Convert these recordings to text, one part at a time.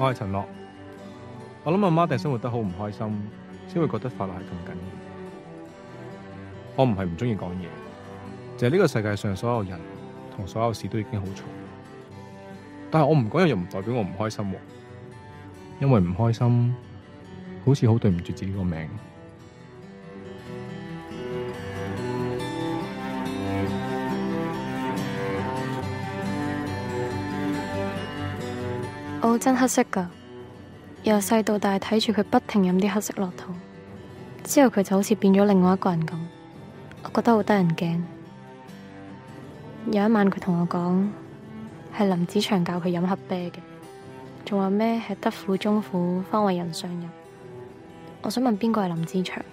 我係陳樂，我諗阿媽一定生活得好唔開心，先會覺得法律係咁緊要。我唔係唔鍾意講嘢，就係這個世界上所有人同所有事都已經好嘈，但係我唔講又唔代表我唔開心，因為唔開心好似好對唔住自己個命。我、oh, 好憎黑色噶，由細到大睇住佢不停飲啲黑色落肚，之後佢就好似變咗另外一個人咁，我覺得好得人驚。有一晚佢同我講，係林子祥教佢飲黑啤嘅，仲話咩係得苦中苦方為人上人。我想問邊個係林子祥？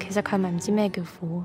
其實佢係咪唔知咩叫苦？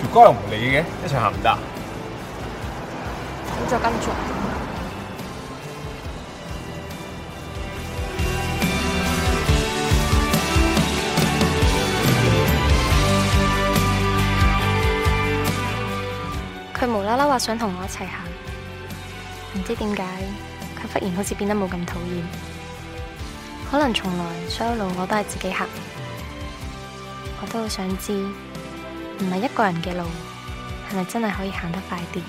如果又唔理嘅，一齊行唔得。我就跟住。佢無啦啦話想同我一齊行，唔知點解，佢忽然好似變得冇咁討厭。可能從來所有路我都係自己行，我都好想知。唔係一個人嘅路，係咪真係可以行得快啲？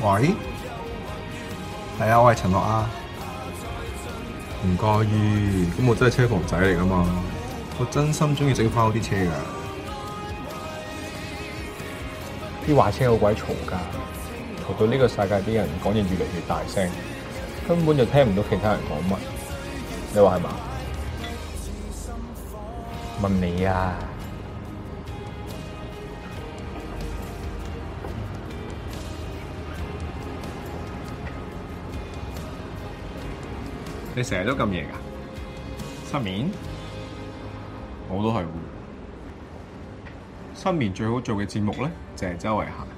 喂？係啊，我係陳樂啊。唔該。咁我真係車房仔嚟噶嘛？我真心中意整翻好啲車噶，啲壞車好鬼嘈噶。我對呢個世界啲人講嘢越嚟越大聲，根本就聽唔到其他人講乜。你話係嘛？問你啊！你成日都咁夜噶？失眠？我都係。失眠最好做嘅節目咧，就係周圍行。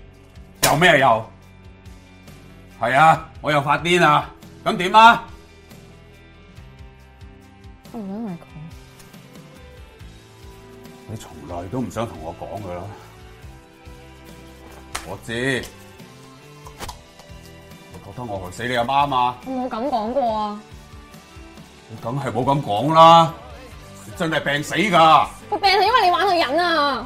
又咩又？係啊，我又發癲啊，咁點啊？我唔想理佢。你從來都唔想同我講佢啦。我知。我覺得我害死你阿媽嘛？我冇咁講過啊。你梗係冇咁講啦！你真係病死噶。我病係因為你玩到癮啊。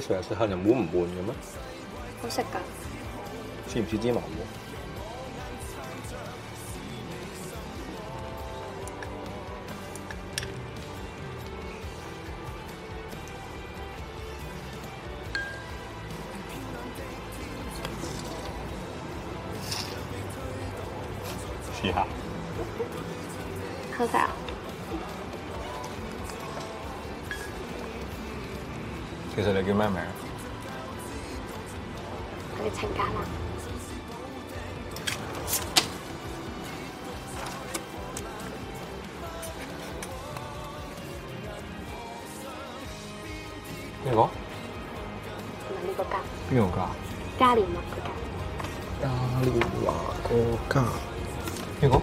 成日食杏仁換唔換嘅咩？好食㗎。似唔似芝麻糊？試下。好食啊！其實你叫咩名？你陳家嘛？呢個？邊個？呢個家？邊個家？嘉利嘛？嘉利瓦多家？呢個？